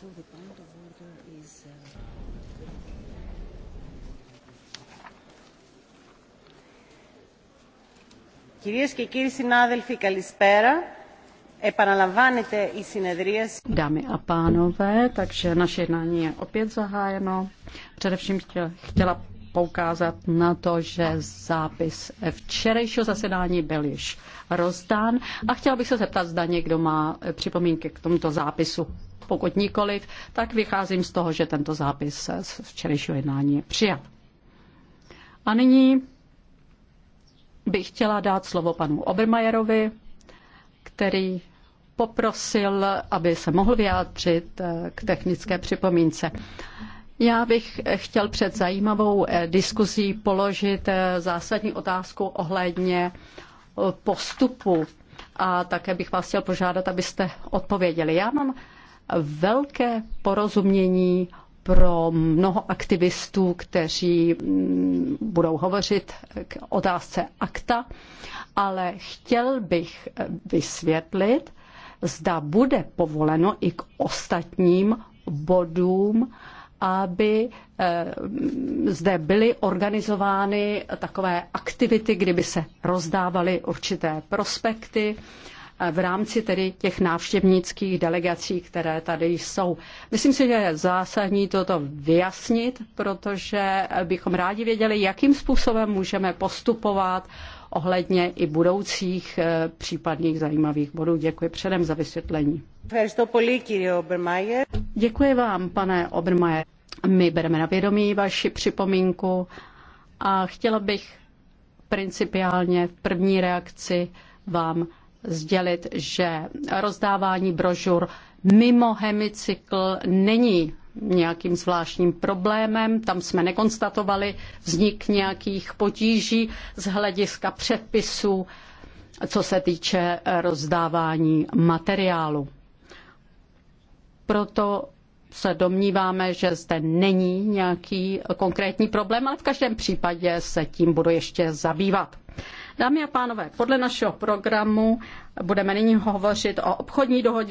So the point of order is. Uh, Κυρίες και κύριοι συνάδελφοι, καλησπέρα. Επαναλαμβάνεται η συνεδρίαση. Dámy a pánové, takže naše jednání je opět zahájeno. Především chtěla, chtěla poukázat na to, že zápis včerejšího zasedání byl již rozdán a chtěla bych se zeptat, zda někdo má eh, připomínky k tomuto zápisu. Pokud nikoliv, tak vycházím z toho, že tento zápis z včerejšího jednání je přijat. A nyní bych chtěla dát slovo panu Obermajerovi, který poprosil, aby se mohl vyjádřit eh, k technické připomínce. Já bych eh, chtěl před zajímavou eh, diskuzí položit eh, zásadní otázku ohledně postupu a také bych vás chtěl požádat, abyste odpověděli. Já mám velké porozumění pro mnoho aktivistů, kteří mm, budou hovořit k otázce akta, ale chtěl bych vysvětlit, zda bude povoleno i k ostatním bodům, aby eh, zde byly organizovány takové aktivity, kdyby se rozdávaly určité prospekty eh, v rámci tedy těch návštěvnických delegací, které tady jsou. Myslím si, že je zásadní toto vyjasnit, protože bychom rádi věděli, jakým způsobem můžeme postupovat ohledně i budoucích eh, případných zajímavých bodů. Děkuji předem za vysvětlení. Děkuji vám, pane Obermajer. My bereme na vědomí vaši připomínku a chtěla bych principiálně v první reakci vám sdělit, že rozdávání brožur mimo hemicykl není nějakým zvláštním problémem. Tam jsme nekonstatovali vznik nějakých potíží z hlediska předpisů, co se týče rozdávání materiálu. Proto se domníváme, že zde není nějaký konkrétní problém, ale v každém případě se tím budu ještě zabývat. Dámy a pánové, podle našeho programu budeme nyní hovořit o obchodní dohodě.